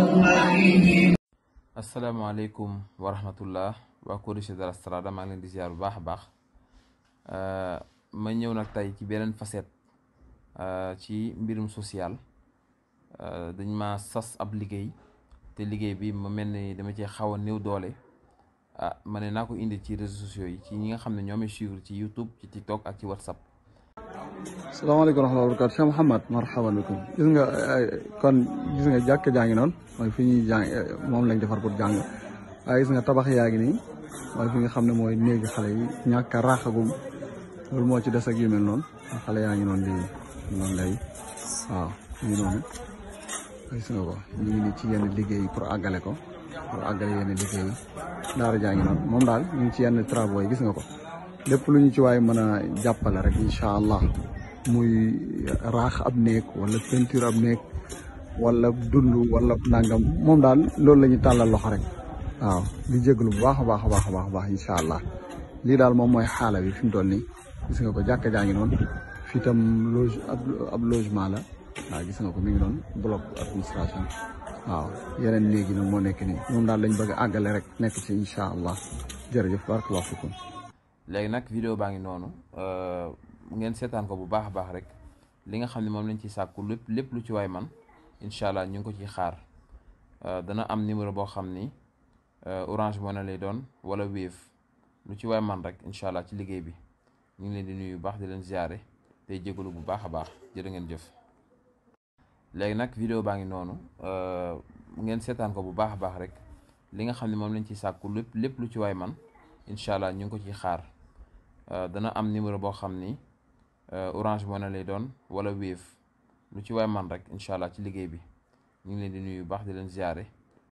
يومئذ asalaamaaleykum wa rahmatullah waa Corrigé de la Strada maa bu baax a baax eh, ma ñëw nag tey ci beneen faset eh, ci mbirum social eh, dañ ma sas ab liggéey te liggéey bi ma mel ni dama cee xaw a néew doole ah ma ne naa ko indi ci réseaux sociaux yi ci ñi nga xam ne ñoom suivre ci YouTube ci TikTok ak ci WhatsApp salaamaaleykum wa rahmatulah barakaatu Cheikh Mouhamed marhaban bikum gis nga kon gis nga jàkk jaa ngi noonu mooy fi ñuy jàng moom lañ defar pour jàng waaye gis nga tabax yaa ngi nii mooy fi nga xam ne mooy néegi xale yi ñàkk a raaxagum loolu moo ci des ak yu mel xale yaa ngi noonu di noonu lay waaw ñu noonu gis nga ko ñu ngi nii ci yenn liggéey pour àggale ko pour àggale yenn liggéey daara jaa moom daal ñu ngi ci yenn travaux yi gis nga ko lépp lu ñu ci waay mën a jàppale rek incha allah muy raax ab néeg wala peinture ab néeg walla dund wala nangam moom daal loolu la ñu tàllal loxo rek waaw di jégalu bu baax a baax a baax baax incha allah lii daal moom mooy xaala bi fi mu toll nii gis nga ko jàkk jaa ngi noonu fii tam loge ab logement la waaw gis nga ko mi ngi noonu bloc administration waaw yeneen néegi nag moo nekk nii moom daal lañ bëgg a àggale rek nekk ci incha allah jërëjëf barakallahu fikum léegi nag vidéo baa ngi noonu euh, ngeen seetaan ko bu baax a baax rek li nga xam ne moom lañ ci sàkku lépp lépp lu ci waay man incha allah ñu ngi ko ciy xaar euh, dana am numéro boo xam ni euh, orange money lay doon wala wave lu ci waay man rek incha allah ci liggéey bi ñu ngi leen di nuyu bu baax di leen ziare tey jégalu bu baax a baax jërë ngeen jëf. léegi nag vidéo baa ngi noonu ngeen seetaan bu baax a baax rek li nga xam ne moom lañ ci sàkku lépp lépp lu ci waay man incha allah ñu ngi ko ci xaar euh, dana am numéro boo xam ni euh, orange moo ne lay doon wala wave lu ci waay man rek incha allah ci liggéey bi ñu ngi leen di nuyu baax di leen ziare.